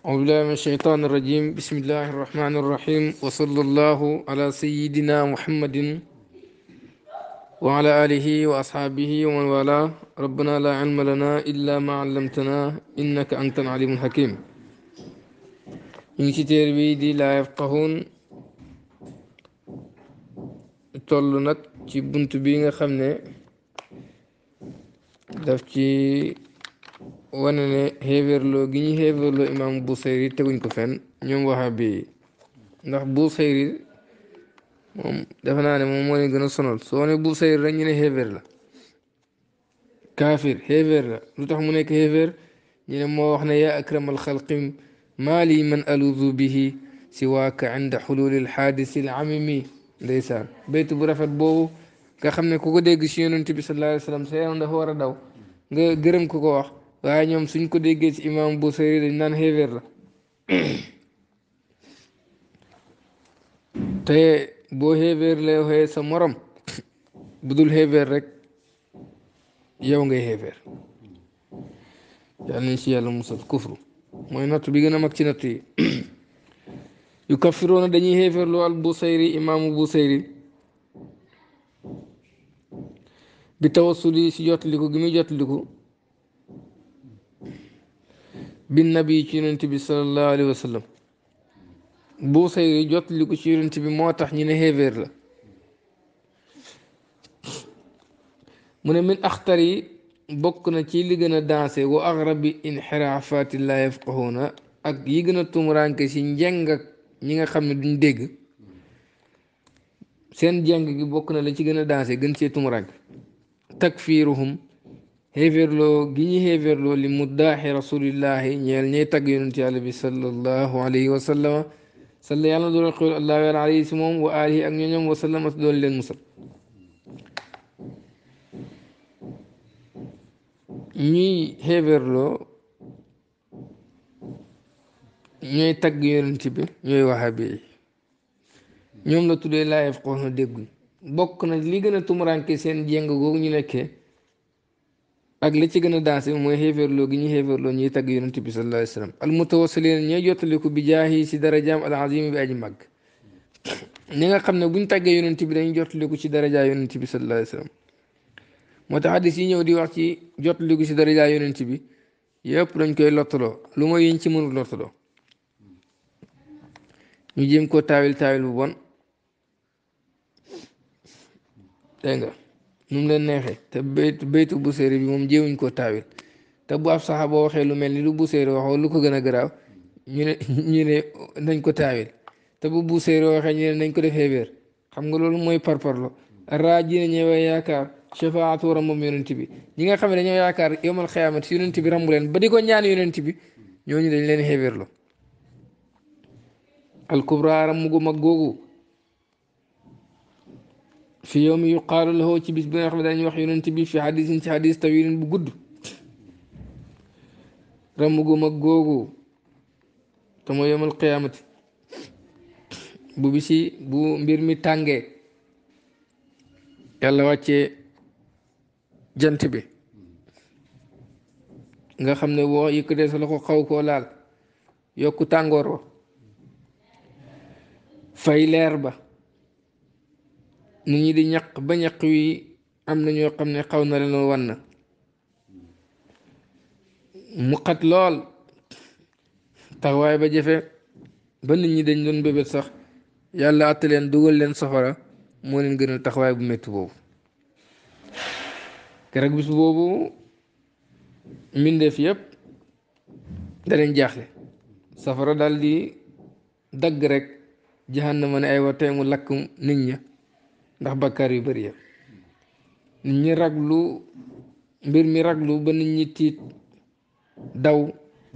أعوذ بالله من الشيطان الرجيم بسم الله الرحمن الرحيم وصلى الله على سيدنا محمد وعلى آله وأصحابه ومن والاه ربنا لا علم لنا إلا ما علمتنا إنك أنت العليم الحكيم إن تيربي دي لا يفقهون toll nag ci bunt دفتي wane ne xéeféerloo gi ñu xéeféerloo imaamu Busayri teguñ ko fenn ñoom waxa bi ndax Busayri moom defe naa ne moom moo leen gën a sonal soo ne Busayri rek ñu ne xéeféer la kaafir xéeféer la lu tax mu nekk xéeféer ñu ne moo wax ne yaa akramal xalqim maa man aluudu bihi siwaaka inda xululi alxaadisi alamimi ndeysaan beytu bu rafet boobu nga xam ne ku ko dégg si yonent bi sallallahu alayhi wa sallam sa yaram dafa war a daw nga gërëm ku ko wax waaye ñoom suñ ko déggee ci imam Busiri dañ naan xéeféer la te boo xéeféer lay waxee sa morom bu dul xéeféer rek yow ngay xéeféer yal nañ ci yàlla musal kufru mooy natt bi gën a mag ci natt yi yu kafiroona dañuy xéeféerloo al Busiri imaamu Busiri bi tawassul yi ci jotliku gi muy jotliku بالنبي يونت بي صلى الله عليه وسلم بو سي جوت ليكو سي يونت بي موتاخ ني نهيفر لا من من اختاري بوكنا سي لي غنا دانسي و اغرب انحرافات لا يفقهون اك يي غنا تومرانك سي نجانغ نيغا خامي دون ديغ سين جانغ بوكنا لا سي غنا دانسي غن سي تومرانك تكفيرهم xéeféerloo gi ñu xéeféerloo li muddaaxi rasulillahi ñeel ñey tagg yonent yàlla bi sallallahu alayhi wa sallama salla yàlla na doon xéewal allahu yàlla alayhi si moom wa alihi ak ñooñoom wa sallama doon leen musal ñuy xéeféerloo ñooy tagg yonent bi ñooy wahabi yi ñoom la tuddee laa yafqahuuna dégguñ bokk na li gën a tumuranke seen jéng googu ñu ak li ci gën a dansé mooy xéeféerloo gi ñu xéeféerloo ñuy tagg yonent bi sallallahu alayhi wa sallam al mutawasilin ñooy jottaliku bi jaahi si darajaam al azim bi aji màgg ñi nga xam ne buñ tàggee yonent bi dañuy jottaliku ci darajaa yonent bi sallallahu alayhi tax hadis yi ñëw di wax ci jottaliku si darajaa yonent bi yëpp dañ koy lottaloo lu mooy yiñ ci mënul lottaloo ñu jéem koo taawil taawil bu bon nu mu leen te baytu baytu Buseyri bi moom jéewuñ koo taawil te bu ab saxaaba waxee lu mel ni lu Buseyri waxoo lu ko gën a garaaw ñu ne ñu ne nañ ko taawil te bu Buseyri waxee ñu ne nañ ko defee wér xam nga loolu mooy parparlo raaji na ñëwee yaakaar shafaatu rambam yonent bi ñi nga xam ne dañoo yaakaar yowmal xiyaamat yonent bi rambu leen ba di ko ñaan yonent bi ñooñu dañ leen xeewéerlo al kubra rambu gu mag googu fi yowmi yuqaalu lahu ci bis bi nga xam ne dañuy wax yonent bi fi xadisin ci xadis bu gudd ramm gu mag googu te mooy yowmal bu bisi bu mbir mi tàngee yàlla wàccee jant bi nga xam ne woo yëkkatee sa loxo xaw koo laal yokku tàngoor wa fay leer ba nit ñi di ñaq ba ñaq wi am na ñoo xam ne xaw na leen wan na mu xat lool taxawaay ba jafe ba nit ñi dañ doon bébét sax yàlla àtte leen dugal leen safara moo leen gënal taxawaay bu métti boobu keroog bis boobu mbindeef yëpp danañ jaaxle safara dal di dagg rek jahannama ne ay wa lakk nit ña ndax bakkaar yu bëri ya ñi raglu mbir mi raglu ba nit ñi tiit daw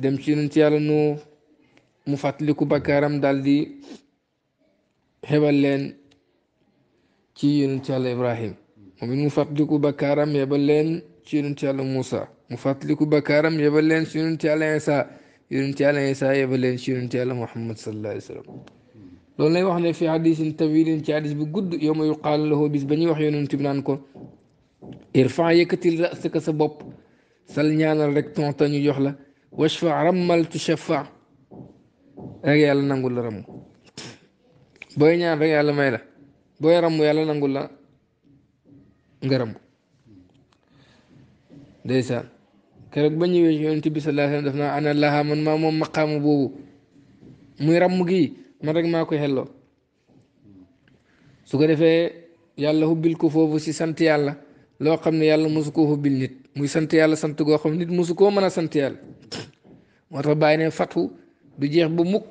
dem ci yonent yàlla noo mu fàttaliku bakkaaram daal di xebal leen ci yonent yàlla Ibrahim moom it mu fàttaliku bakkaaram yebal leen ci yonent yàlla Moussa mu fàttaliku bakkaaram yebal leen ci yonent yàlla Isa yonent yàlla Isa yebal leen ci yonent yàlla Muhammad sallallahu alayhi wa sallam لون لي في حديث طويل في حديث بو يوم يقال له بس بني وخ يونت نانكو ارفع يكتي راسك سبوب سال نيانال رك تون تاني يوخ لا واشفع رمل تشفع رك يالا رم بو نيان رك يالا مايلا بو رم يالا نانغول لا غرم ديسا كرك بني وخ يونت بي صلى الله عليه وسلم دفنا انا لها من ما مقام بو مي رم man rek maa ko xelloo su ko defee yàlla hubbil ko foofu si sant yàlla loo xam ne yàlla mosu koo hubbil nit muy sant yàlla sant goo xam ne nit mosu koo mën a sant yàlla moo tax bàyyi ne fatu du jeex ba mukk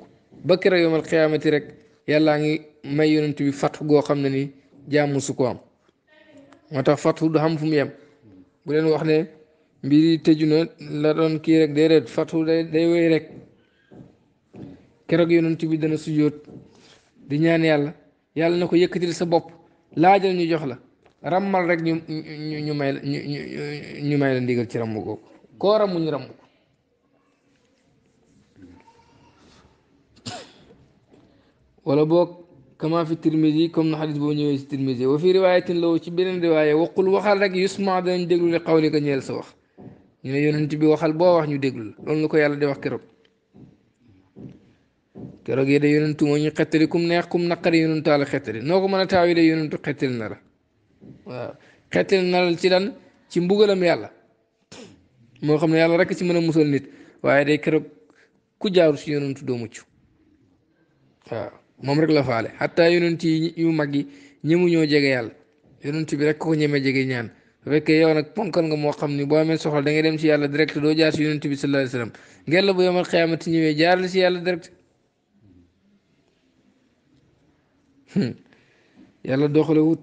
ba kera yomal xiyaamati rek yàllaa ngi may yonent bi fatu goo xam ne ni jaam mosu koo am moo tax fatu du xam fu mu yem bu leen wax ne mbir yi tëju la doon kii rek déedéet fatu day day rek keroog yonent bi dana sujjóot di ñaan yàlla yàlla na ko yëkkatil sa bopp laajal ñu jox la rammal rek ñu ñu may la ñu ñu may la ndigal ci rammu googu koo rammu ñu rammu ko wala boog kama fi tirmidi comme na xadis boo ñëwee si tirmidi wa fi riwaayatin law ci beneen riwaaya waqul waxal rek yusma danañ déglu li xawli ka ñeel sa wax ñu ne yonent bi waxal boo wax ñu déglu la loolu la ko yàlla di wax keroog keroog yi da yonentu moo ñu xettali kum neex kum naqari yonentu àll xettali noo ko mën a taaw yi da yonentu na la waaw xettali na la ci lan ci mbugalam yàlla moo xam ne yàlla rek ci mën a musal nit waaye day keroog ku jaaru si yonentu doo mucc waaw la faale xataa yonent yi yu mag yi ñëmu ñoo jege yàlla yonent bi rek ko ñemee jege ñaan bu fekkee yow nag ponkal nga moo xam ni boo amee soxla da ngay dem si yàlla direct doo jaar si yonent bi sallallahu alayhi wasallam bu yomal xiyaamati ñëwee jaaral si yàlla direct Hmm. yàlla doxalewut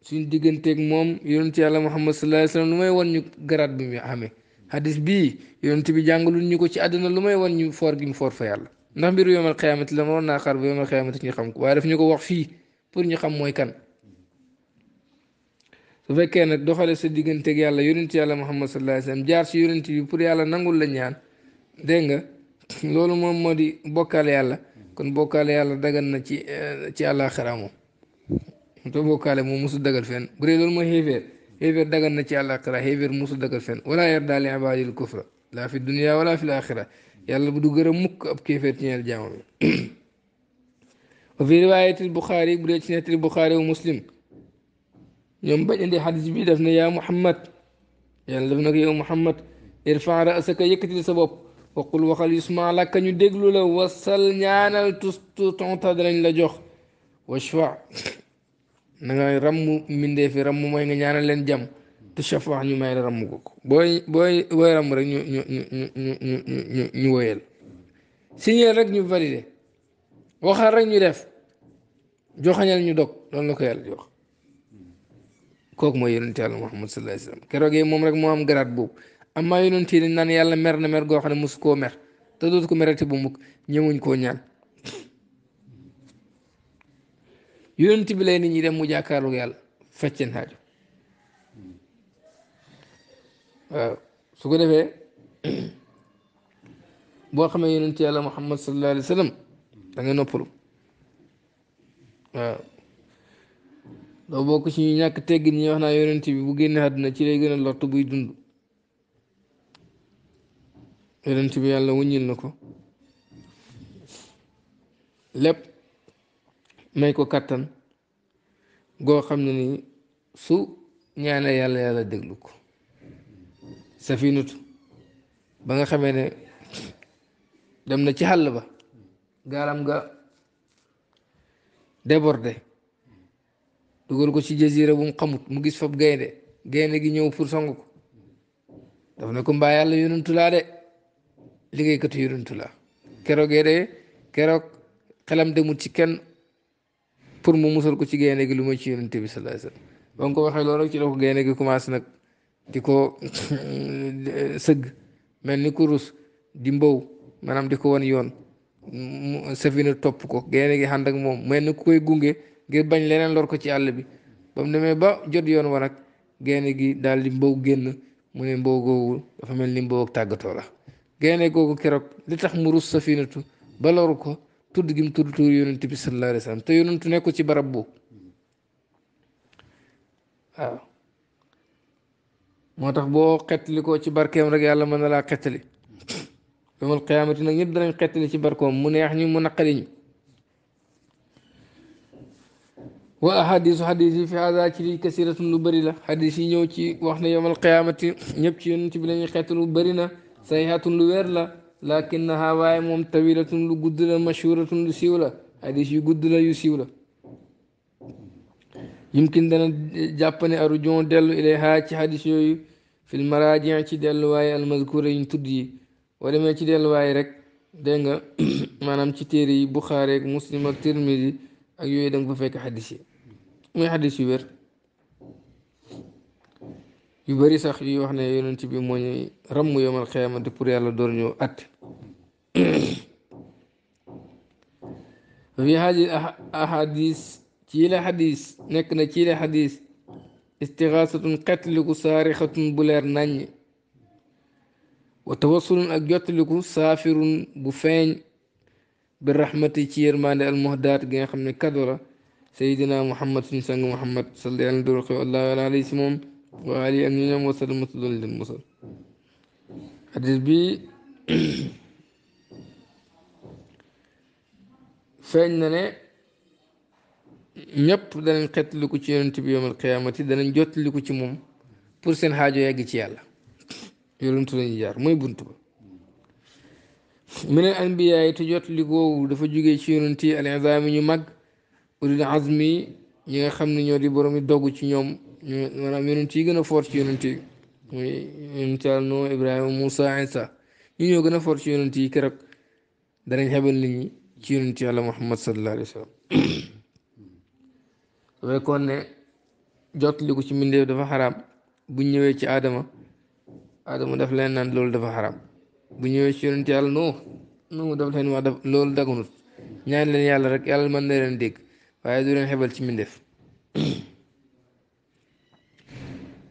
suñ digganteeg moom yonent yàlla muhammad sallallahu alayhi wasallam lu may wan ñu garaat bi mu amee hadis bii yonent bi jàngalul ñu ko ci àddina lu may wan ñu foor gi mu foor fa yàlla ndax mbiru yomal xiyaamati la waroon naa xaar ba yomal xiyaamati ñu xam ko waaye daf ñu ko wax fii pour ñu xam mooy kan su fekkee nag doxale sa digganteeg yàlla yonent yàlla muhammad sallallahu alayhi wasallam jaar si yonent bi pour yàlla nangul la ñaan dégg nga loolu moom di bokkal yàlla kon bokale yàlla dagal na ci ci àllaaxira moom to bokale mo musu dagal fen bu lol mo mooy xéeféer dagal na ci àllaaxira xéeféer musu dagal fen wala yardaa li ibadil kufra la fi dunya wala fi laaxira yàlla bu du gërëm mukk ab kéeféer ci ñeel jaamam wa fi riwayat buxaari bu dee ci netri bukhari wa muslim ñom bañ indi hadith bi daf na ya muhammad yàlla daf na ya muhammad irfa ra'saka yakati sa bopp waqul waxal yusma la ka ñu déglu la wasal ñaanal tus tonta danañ la jox washfa na nga rammu mindee fi ram mooy nga ñaanal leen jàmm te shafa ñu may la rammu booy booy booy rek ñu ñu ñu ñu ñu ñu rek ñu validé waxal rek ñu def joxañal ñu dog loolu la ko yàlla jox kooku mooy yonente yàlla Muhammad sallallahu alayhi moom rek moo am garaat boobu am yonent yi dañ naan yàlla mer na mer goo xam ne mosu koo mer te dootu ko merati bu mukk ñëwuñ koo ñaan yonent bi lay nit ñi dem mu jàkkaarloog yàlla faj seen xaaju waaw su ko defee boo xamee yonent yàlla muhammad sallallahu alayhi wa sallam da nga noppalu waaw doo bokk ci ñu ñàkk tegg ñi wax naa yonent bi bu génne àdduna ci lay gën a lott buy dund yonent bi yàlla wuññil na ko lépp may ko kàttan goo xam ne ni su ñaane yàlla yàlla déglu ko safinatu ba nga xamee ne dem na ci xàll ba gaalam ga débordé dugal ko ci jazira bu mu xamut mu gis fab gaynde gaynde gi ñëw pour song ko daf ne ko mbaa yàlla yonentu laa de liggéeykatu yonentu la keroog de keroog xelam demul ci kenn pour mu musal ko ci gaynde gi lu may ci yonente bi sallallahu alayhi wasallam ba nga ko waxee loolu ci la ko gaynde gi commencé nag di ko sëgg mel ni kurus di mbow maanaam di ko wan yoon safina topp ko gaynde gi ànd ak moom mel ni ku koy gunge ngir bañ leneen lor ko ci àll bi ba mu demee ba jot yoon wa nag gaynde gi daal di mbow génn mu ne mbow googu dafa mel ni mbow tàggatoo la gaynde googu keroog li tax mu rus safinatu ba loru ko tudd gi mu tudd tur yonent bi sallallahu alayhi wa sallam te yonentu nekku ci barab bu waaw moo tax boo xettali koo ci barkeem rek yàlla mën na laa xettali yowmal qiyaamati nag ñëpp ci barko mu neex ñi mu naqali ñi wa ahadisu fi hada ci li kasiratun lu bëri la hadis yi ci wax ne yowmal qiyaamati ci yonent bi lañuy xettalu bëri na sahihatun lu wér la lakinnaha waaye moom tawilatun lu gudd la mashhuratun lu siiw la hadis yu gudd la yu siiw la yumkin dana jàppane arujon dellu ilayha ci hadis yooyu fil maraaji ci delluwaay almazkura yuñ tudd yi boo demee ci delluwaay rek dégg nga maanaam ci téere yi buxaari ak muslim ak tirmidi ak yooyu da nga fa fekk hadis yi muy hadis yu wér yu bari sax yuy wax ne ci bi moo ñuy ràmm yomal xiyamati pour yàlla door ñu at fi haadi ahadis ci la nekk na ci la xadis istixaasatun xettaliku saarixatun bu leer nañ wa tawassulun ak jottaliku saafirun bu feeñ bi rahmati ci yërmande almuhdaat gi nga xam ne kado la sayidina muhammad suñ sang muhammad sallallahu alayhi wa sallam waali ak ñu ñoom wasal mosu leen mosal xadis bi feeñ na ne ñëpp danañ xettaliku ci yonent bi yawmal qiyaamati danañ jottaliku ci moom pour seen xaajo yegg ci yàlla yonentu lañuy jaar mooy bunt ba minal anbiyaa yi te jottalikoowu dafa jóge ci yonent yi ñu mag ulil azmi ñi nga xam ne ñoo di boromi dogg ci ñoom maanaam yonent yi gën a fort ci yonent yi muy yonent yàlla noo Ibrahima Moussa Isa ñu ñoo gën a fort ci yonent yi keroog danañ xebal nit ñi ci yonent yàlla Muhammad sallallahu alayhi wa sallam wekkoon ne ci mbindeef dafa xaraam bu ñëwee ci Adama Adama daf leen naan loolu dafa xaraam bu ñëwee ci yonent yàlla noo noo daf leen wax loolu dagunut ñaan leen yàlla rek yàlla mën na leen dégg waaye du leen xebal ci mbindeef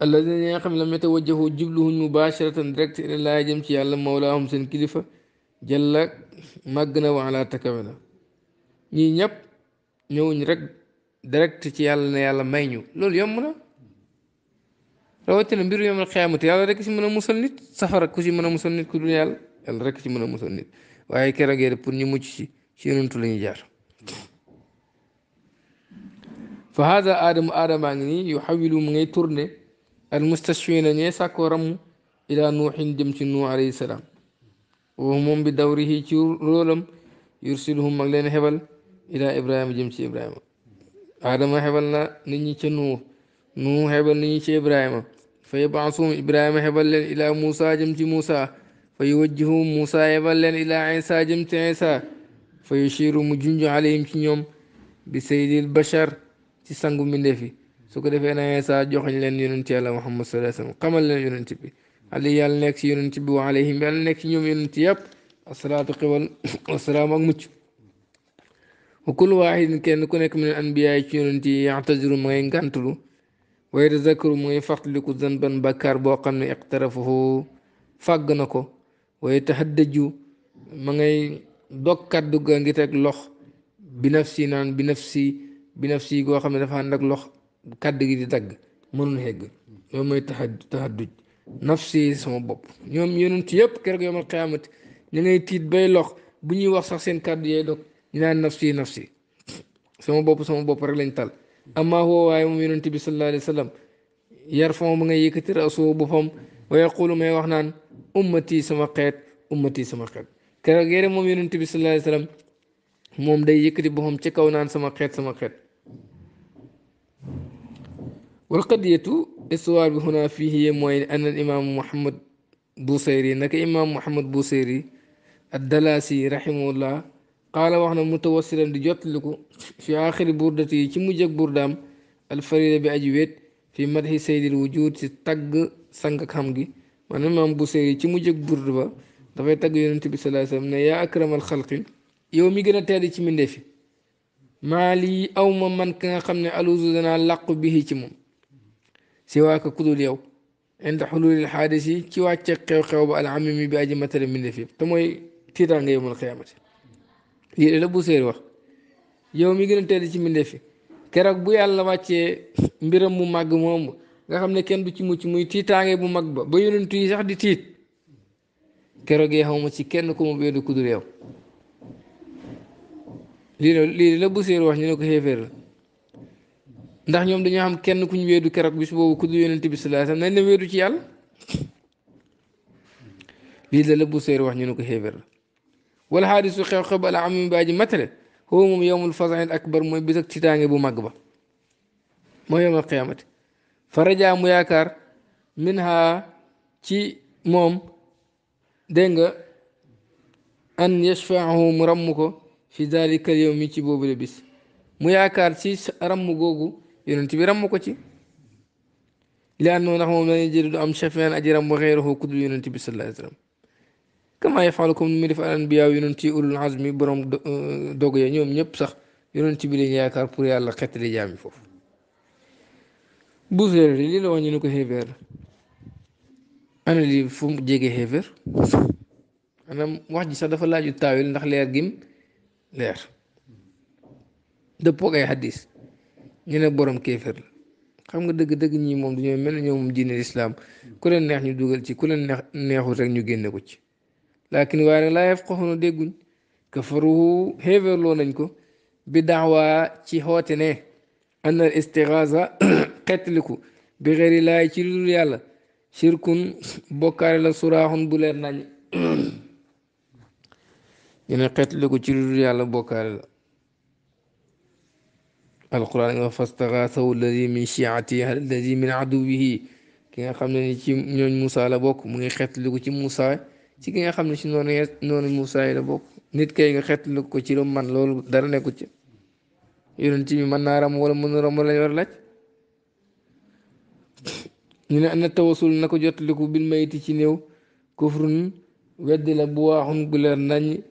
الذين يخم لم يتوجهوا جبلهم مباشرة دركت إلى الله جمشي على مولاهم سن كلفة جل مغنى وعلى تكبلا ني نيب نيو نرك دركت تي يالا يالا ماينو لول يومنا رواتنا بيرو يوم القيامة يالا رك سي مانا موسل نيت سفر كو سي مانا موسل نيت كودو يالا يالا رك سي مانا موسل غير بور ني موتي سي جار فهذا ادم ادم ماغني يحول من تورني almustashfiina ñee sàkkoo ramm ilaa nuuxin jëm ci nuux alayhi salaam woo moom bi dawrihi ci róolam yursiluhum mag leen xebal ilaa ibrahima jëm ci ibrahima aadama xebal na nit ñi ca nuux nuux xebal nit ñi ci ibrahima fa yabaasuhum ibrahima xebal leen ilaa muusa jëm ci muusa fa yuwajjihum muusa xebal leen ilaa isa jëm ci isa fa yushiru mu junj alayhim ci ñoom bi saydil bashar ci sangu mbindeefi su ko defee na Iisaa joxañ leen yonent yàlla Muhammad sallallahu alayhi wa sallam xamal leen yonent bi ali yàlla nekk si yonent bi wa alayhim yàlla nekk si ñoom yonent yàpp asalaatu xiwal asalaam ak mucc wa kullu waahidin kenn ku nekk min anbiyaa ci yonent yi yaxtajiru ma ngàntulu way yatazakkaru mu ngay fàttaliku zanban bàkkaar boo xam ne iqtarafahu fàgg na ko wa yatahaddaju ma ngay dokkat kàddu ga ngi teg lox bi nafsi naan bi nafsi bi nafsi goo xam ne dafa ànd ak lox kàdd gi di dagg mënul xegg loolu mooy taxa taxadduj nafsi sama bopp ñoom yonent yëpp keroog ma xiyaamati ñu ngay tiit bay lox bu ñuy wax sax seen kàddu yooyu dog ñu naan nafsi nafsi sama bopp sama bopp rek lañ tal amma huwa waaye moom yonent bi sallallahu alayhi wa sallam yar fon ba nga yëkkati rasoo boppam wa yaqulu may wax naan ummati sama xeet ummati sama xeet keroog yére moom yonent bi sallallahu alayhi wa moom day yëkkati boppam ci kaw naan sama xeet sama xeet wal qadiyatu histoire bi xunaa fii mooy ana al imaamu Muhammad Busayri naka imaamu Muhammad Busayri ad dalaasi rahimahullah qaala wax na mutawasilan di jottaliku fi aaxiri burdati yi ci mujj ak burdaam alfarida bi aji wéet fi madhi saydil wujud ci tagg sang ak xam gi maanaam imaam Busayri ci mujj ak burd ba dafay tagg yonent bi sallallahu alayhi wa sallam ne yaa xalqi yow mi gën a tedd ci mbindeef yi maa lii aw ma man ka nga xam ne aluusu danaa làqu bii ci moom si waa ko kudul yow indi xululil xaadis yi ci wàcce xew-xew ba alhamimi bi aji matale mbindeef yëpp te mooy tiitaanga yowmal xiyaamati lii la bu mi gën a ci mbindeef yi keroog bu yàlla wàccee mbiram mu màgg moom nga xam ne kenn du ci mucc muy tiitaange bu mag ba ba yonent yi sax di tiit keroog yi xaw ma ci kenn ku mu wéedu kudul yow lii de lii la bu séer wax ñu ne ko xéeféer la ndax ñoom dañoo xam kenn ku ñu wéedu keroog bis boobu ku dul yonent bi sallallahu alayhi wasallam nañ ne wéedu ci yàlla lii de la bu séer wax ñu ne ko xéeféer la wala xaadisu xew-xew ba la am baa ji matale foofu moom yowmul fasaxil akbar mooy bis ak tiitaange bu mag ba mooy yowmul qiyaamati farajaa mu yaakaar min ha ci moom dégg nga an yashfaahu mu ramm ko في ذلك اليوم تي بوب لبس مويا كارتي رم غوغو يونتي بي رم كوتي لانه نحو ما يجري ام شفيان اجر رم غيره كد يونتي بي صلى الله عليه وسلم كما يفعلكم من رفع الانبياء يونتي اول العزم بروم دوغيا نيوم نيب صح يونتي بي لي نياكار بور يالا ختري جامي فوف بوزير لي لو ني نكو هيفر انا لي فوم جيغي هيفر انا واحد سا دا فلاجو تاويل نخ لير جيم leer dëppoo ay xaddis ñu ne borom kéefër la xam nga dëgg-dëgg ñi moom dañoo mel ne ñoom moom diine lislaam ku leen neex ñu dugal ci ku leen neex neexul rek ñu génne ko ci laakin waaye nag laa yafqahuuna dégguñ kafaru xéeverloo nañ ko bi daawaa ci xoote ne ana al istixaasa xettaliku bi xëri ci lu yàlla shirkun bokkaare la suraaxun bu leer nañ ñu xétlé ko ci rur yalla bokal القران فاستغاثه الذي من شيعته الذي من عدوه كيغا خامل ني سي نون موسى لا بوك موغي خيتلو سي موسى سي كيغا خامل سي نون موسى لا بوك نيت كايغا خيتلو كو سي لول دار نيكو سي يونتي مي مان نارام ولا مون رام لا يور لاج ني ان التوصل نكو جوتلو بالميت سي نيو كفر ود لا بواح ناني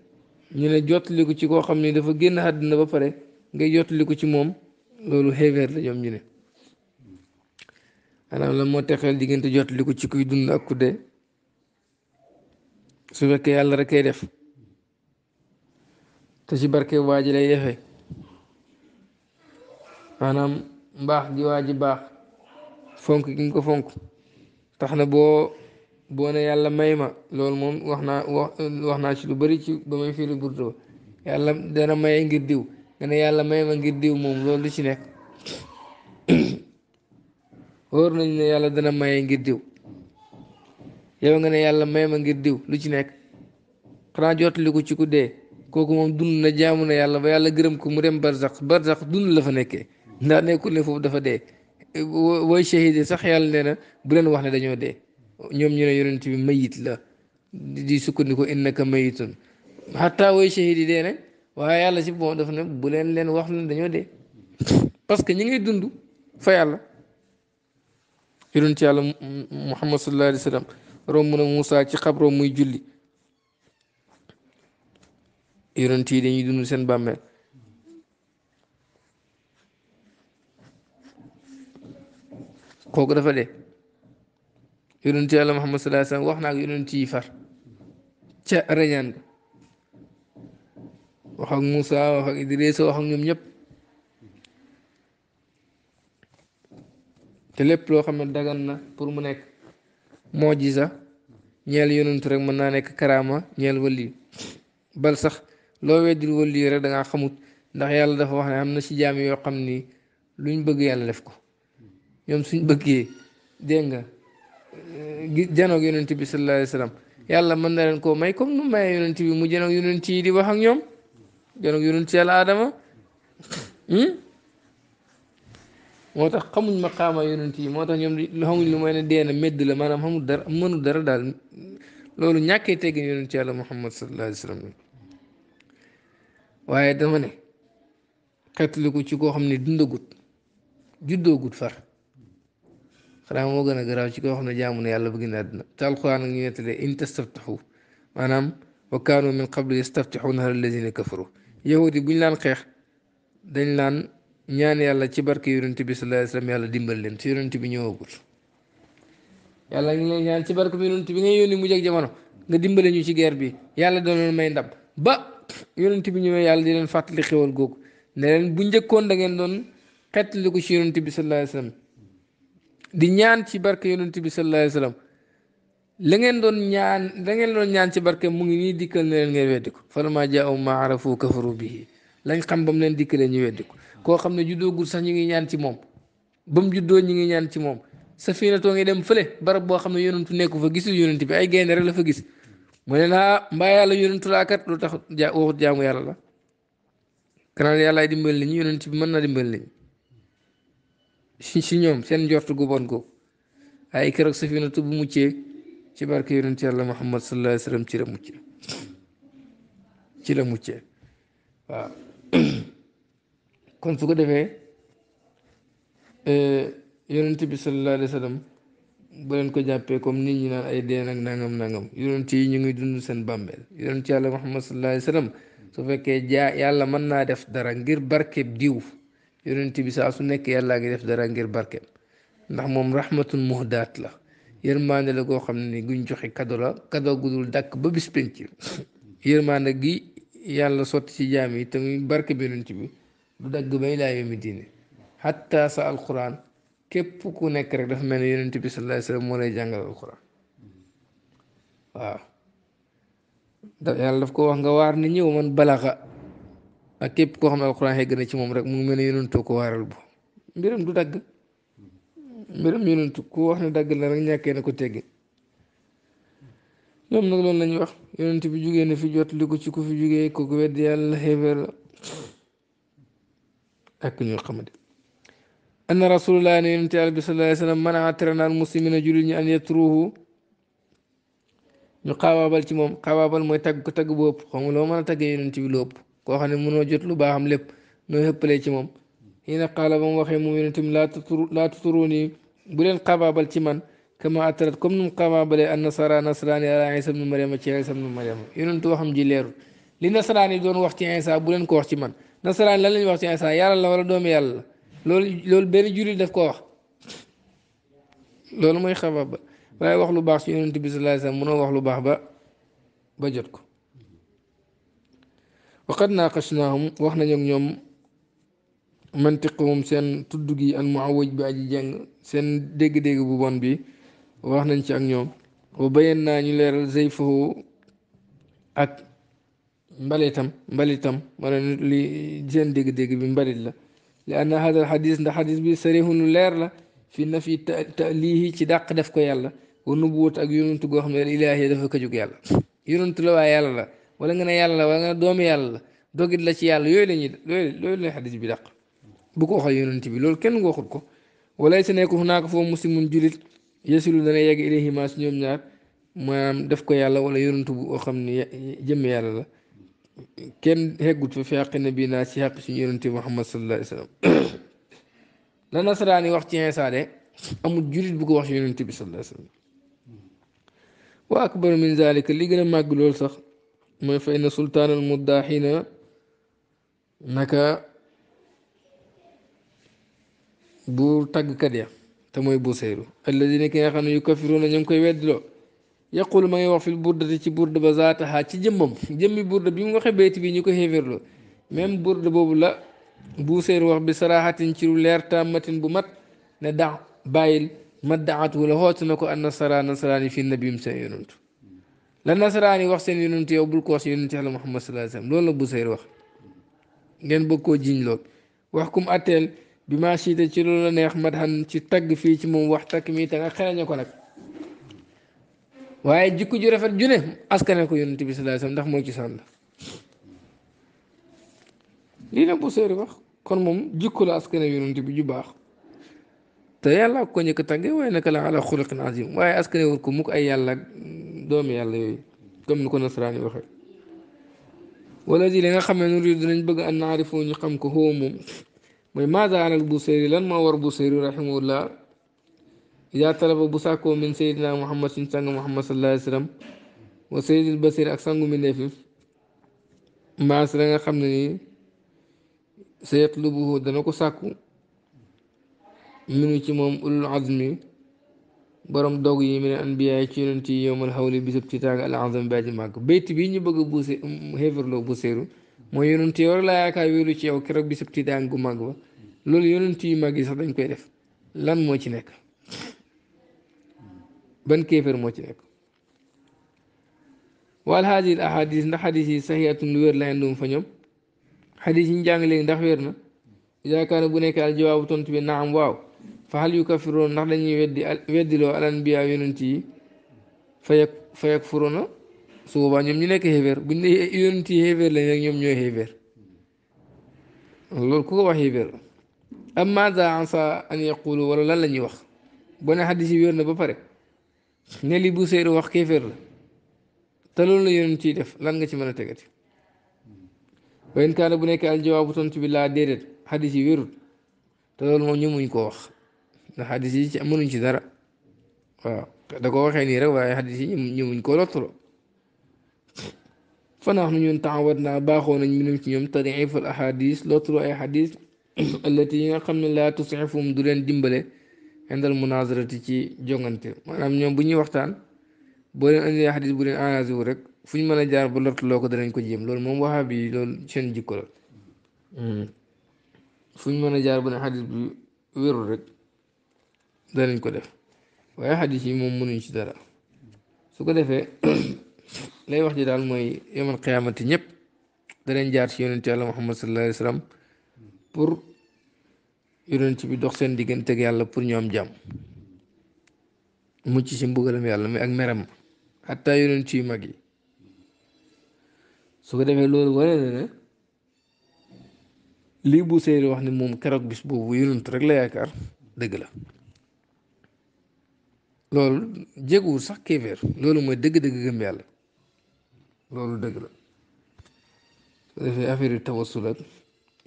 ñu ne jottali ko ci koo xam ne dafa génn àdduna ba pare ngay jottali ko ci moom loolu xeefeer la ñoom ñu ne maanaam la moo texeel diggante jottali ko ci kuy dund ak ku su fekkee yàlla rek kay def te ci barke waa ji lay defee maanaam mbaax ji waa ji baax fonk gi nga ko fonk tax na boo boo ne yàlla may ma loolu moom wax naa wax wax naa ci lu bari ci ba may firi burtu ba yàlla dana maye ngir diw nga ne yàlla may ma ngir diw moom loolu du ci nekk wóor nañu yàlla dana maye ngir diw yow nga ne yàlla may ma ngir diw lu ci nekk xanaa jotali ko ci ku dee kooku moom dund na jaamu na yàlla ba yàlla gërëm ko mu dem barzax barzax dund la fa nekkee ndax nekkul ne foofu dafa dee woy shahid sax yàlla nee na bu leen wax ne dañoo dee ñoom ñu ne yonent bi mayit la di sukkandiku innaka mayitun xataa way shahid yi dee nañ waaye yàlla si bon dafa ne bu leen leen wax ne dañoo dee que ñi ngay dund fa yàlla yonent yàlla muhammad sallallahu alayhi romb na Moussa ci xabro muy julli yonent yi dañuy dundu seen bàmmeel kooku dafa dee yonent yàlla Muhammad sallallahu alayhi wasallam wax na ak yonent yi far ca rañaan ga wax ak Moussa wax ak Idrissa wax ak ñoom ñëpp te lépp loo xam ne dagan na pour mu nekk mojisa ñeel yonent rek mën naa nekk karaama ñeel wali bal sax loo weddil wali rek da xamut ndax yàlla dafa wax ne am na ci jaam yoo xam ni lu luñ bëgg yàlla def ko ñoom suñ bëggee dégg janoog yonent bi sallallahu alayhi wa sallam yàlla mën na leen may comme nu mayee yonent bi mu janoog yonent yi di wax ak ñoom janoog yonent yàlla aadama hmm? moo tax xamuñ maqaama yonent yi moo tax ñoom xamuñ lu may ne dee medd la maanaam xamul dara mënu dara daal loolu te teggin yonent yàlla muhammad sallallahu alayhi wa sallam waaye dama ne xetliku ci koo xam ne dundagut juddoogut far خلاهم وجن جراو شكو خنا جامون يلا بقينا عندنا تعال خوان نيتلي إن تستفتحوا منام وكانوا من قبل يستفتحون هر الذين كفروا يهودي بقول لنا خير دين لنا نيان يلا تبر كي يرنتي بس الله يسلم يلا ديمبل لين تيرنتي بنيو بقول يلا نيان يلا تبر كي يرنتي بنيو يوني مجاك جمانو نديمبل لين يوشي غير بي يلا دونو ما يندب با يرنتي بنيو يلا دين فاتلي خيول جوك نرن بنجك كون دعين دون قتل لكو شيرنتي بس di ñaan ci barke yonent bi sallallahu alayhi wa la ngeen doon ñaan la ngeen doon ñaan ci barke mu ngi nii dikkal ne leen ngay weddi ko falammaa jaa'ahum maa lañ xam ba mu leen dikkalee ñu weddi ko koo xam ne juddoogul sax ñu ngi ñaan ci moom ba mu juddoo ñi ngi ñaan ci moom sa safinatoo ngi dem fële barab boo xam ne yonentu nekku fa gisul yonent bi ay gaynde rek la fa gis mu ne naa mbaa yàlla yonentu laa lu tax waxut jaamu yàlla la kanaan yàlla ay dimbal nit ñi yonent bi mën naa dimbal ni ñi si ñoom seen jort gu bon ko ay keroog safinatu bu muccee ci barke yonent yàlla muhammad sallallahu alayhi wa sallam ci la mucce ci la mucce waaw kon su ko defee euh, yonent bi sallallahu alayhi wa sallam bu leen ko jàppee comme nit ñi naan ay deen ak nangam nangam yonent yi ñu ngi dund seen bàmmeel yonent yàlla muhammad sallallahu alayhi wa su fekkee jaa yàlla mën naa def dara ngir barkeb diw yonent bi saa su nekk yàllaa ngi def dara ngir barkeem ndax moom rahmatul muhdaat la yërmaande la goo xam ne guñ joxe kado la kado gudul dàkk ba bis penc yërmaande gi yàlla sotti ci jaam yi te muy barke bi yonent bi du dagg bay laa yomi diine xatta sa alquran képp ku nekk rek dafa mel ne yonent bi sallallahu alayhi wasallam moo lay jàngal alquran waaw yàlla daf ko wax nga waar ni ñëw man balaxa ak képp koo xam ne alxuraan xegg na ci moom rek mu ngi mel ne yonentu ko waaral bu mbiram du dagg mbiram yonentu ko wax ne dagg la rek ñàkkee na ko teggi ñoom nag loolu lañuy wax yonent bi jugee na fi jot li ko ci ku fi jugee ko wedd yàlla xeefeer la ak ñu xamante anna bi sallallahu alayhi wasallam na al muslimina jullit ñi an yatruhu ñu xaawaabal ci moom xaawaabal mooy tagg ko tagg bu ëpp xam loo mën a taggee yonent bi lu ëpp koo xam ne mënoo jot lu baaxam lépp noo xëppalee ci moom xiina qaala ba mu waxee moom yonentum laa tuturu laa tuturu nii bu leen xabaabal ci man kama atarat comme nu mu xabaabalee an nasara nasaraani ala isa bnu mariama ci isa bnu mariama yonentu waxam ji leerul li nasaraan yi doon wax ci insa bu leen ko wax ci man nasaraan lan lañu wax ci insa yàlla la wala doomu yàlla la loolu loolu benn jullit daf ko wax loolu mooy xabaabal waaye wax lu baax ci yonent bi sallallahu alayhi wasallam mënoo wax lu baax ba ba jot ko waqad naaqasnaahum wax nañu ak ñoom mantiqahum seen tudd gi al muawaj bi aji jàng seen dégg-dégg bu bon bi wax nañ ci ak ñoom wa bayan naa ñu leeral zayfahu ak mbalitam mbalitam wala li seen dégg-dégg bi mbalit la li anna hada al xadis ndax xadis bi sarihun lu leer la fi na fi talihi ci dàq def ko yàlla wa nubuwat ak yonantu goo xam ne ilaahi dafa ko yàlla yonantu la waaye yàlla la ولا غنا يالا ولا دوم يالا دوغيت لا سي يالا يوي لا ني لوي لا حديث بي داق بو كو خا يونت بي لول كين غوخوت كو ولا سنيكو هناك فو مسلم جليل يسول دا ييغ اليه ما نيوم نيار مام داف كو يالا ولا يونت بو خا مني جيم يالا لا كين هيغوت في فاق النبي نا سي حق سي يونت محمد صلى الله عليه وسلم لا نصراني وقت ينسى دي امو جليل بو كو وخ يونت بي صلى الله عليه وسلم واكبر من ذلك اللي غنا ماغ لول صاح ما فإن سلطان المداحين نكا بور تاغ كاديا تموي بوسيرو الذين كي خان يكفرون نيم كاي ويدلو يقول ما يوا في البرد تي برد بذاتها تي جيمم جيمي برد بيم وخه بيت بي نيكو هيفيرلو ميم برد بوبو لا بوسير واخ بصراحه تي لو لير تامتين بو مات ندع بايل مدعته لهوت نكو ان سرا نصراني في النبي مسيرنتو la nasaraan yi wax seen yonent yow bul ko wax si yonent yàlla Muhammad sallallahu alayhi loolu la Busayr wax ngeen bëgg koo jiñ lool wax kum atteel bi maa siite ci loolu la neex madhan ci tagg fii ci moom wax takk mii te nga xereñe ko nag waaye jikko ju rafet ju ne askane ko bi sallallahu ndax mooy ci sànn lii la Busayr wax kon moom jikko la askane yonent bi ju baax te yàlla ko njëkk tagge waaye naka la ala xuluqin azim waaye askane wut yàlla دوم يالله كم نكون نصراني وخير والذي لنا خم نريد أن نبقى أن نعرفه نقم كهوم ماذا عن البصيري لن ما ور بصيري رحمه الله إذا طلب بصاكو من سيدنا محمد سنة محمد صلى الله عليه وسلم وسيد البصير أكسنغ من نفف ما سرنا خمني سيطلبه دنكو ساكو من كمام أولو العظمي borom dog yi min anbiya ci yonent yi yowmal xawli bisub ci tàng al bi aji màgg bayt bi ñu bëgg a buuse xéefarloo um, um, buuseeru mooy yonent yi war laa yaakaar wéeru ci yow keroog bisub ci gu màgg ba loolu yonent yu màgg yi sax dañ koy def lan moo ci nekk ban kéefar moo ci nekk wal haadi al ahadis ndax xadis yi saxiatun lu wér la indum fa ñoom xadis yi ñu léegi ndax wér na yaakaar bu nekk al jawaabu faxal yu kafiroon ndax dañuy weddi weddiloo al anbiya yonent yi fayak fayak furoona su boobaa ñoom ñu nekk xéeféer buñ ne yonent yi lañ rek ñoom ñoo xéeféer loolu ku ko wax xéeféer am maza ansa an yaqulu wala lan la ñuy wax boo ne xaddis wér na ba pare ne li bu séeru wax kéeféer la te loolu la yonent def lan nga ci mën a tegati wayen kaana bu nekk aljawaabu tontu bi laa déedéet xaddis yi wérut te loolu moom ñëmuñ koo wax الحديث يجي أمون يجي ذرة دقوا خيني روا الحديث يجي يوم يقول أطلع فنحن نتعودنا باخونا من يوم تضعيف الأحاديث لطلع الحديث التي يقمن لا تصعفهم دولين دمبلة عند المناظرة تي جونت أنا من يوم بني وقتان بولين أنزل الحديث بولين أنا زورك فين ما نجار بلوت لوك درين كجيم لول مو وهابي لول شن جيكول فين ما نجار بن حديث بي ويرو رك danañ ko def waaye xadis yi moom mënuñ ci dara su ko defee lay wax ji daal mooy yomal xiyaamati ñëpp danañ jaar ci yonent yàlla muhammad sallallahu alayhi pour yonent bi dox seen yàlla pour ñu am jàmm mucc ci mbugalam yàlla mi ak meram xataa yonent yu mag yi su ko defee loolu wane na ne lii bu séeri wax ne moom keroog bis boobu yonent rek la yaakaar dëgg la loolu jéeguwul sax kéeféer loolu mooy dëgg-dëgg gëm yàlla loolu dëgg la su defee affaire yu tawassul ak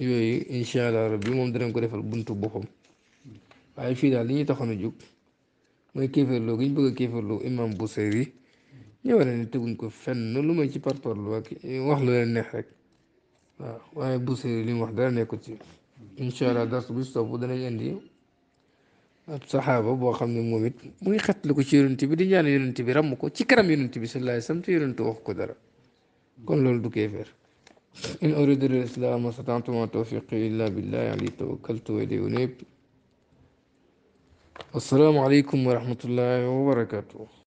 yooyu incha allah rabbi moom danañ ko defal buntu boppam waaye fii daal li ñuy taxoon a jóg mooy kéeféerloo gi ñu bëgg a kéeféerloo bu seri ñëwale ne teguñ ko fenn lu may ci parparlu ak wax lu leen neex rek waaw waaye Buseyri li mu wax dara nekkul ci incha allah dars bu si topp danañ indi ab saxaaba boo xam ne moom it mu ngi xetlu ko ci yonent bi di ñaan yonent bi ràmm ko ci kanam yonent bi sallallahu alayhi wasallam te yonent wax ko dara kon loolu du kéeféer in uridu lil islam ma stata'tu ma tawfiqi illa billahi alayhi tawakkaltu wa ilayhi unib assalaamu alaykum wa rahmatullahi wa barakatuh